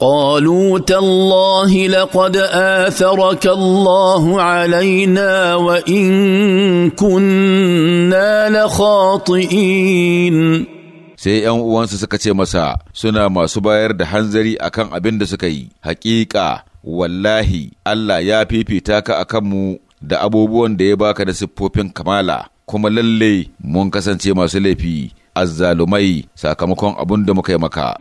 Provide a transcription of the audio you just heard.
قالوا تالله لقد آثرك الله علينا وإن كنا لخاطئين sai ‘yan uwansu suka ce masa suna masu bayar da hanzari a kan abin da suka yi, Haƙiƙa, wallahi Allah ya fifita ka a kanmu da abubuwan da ya baka da siffofin kamala, kuma lalle mun kasance masu laifi, azzalumai sakamakon abin da muka yi maka.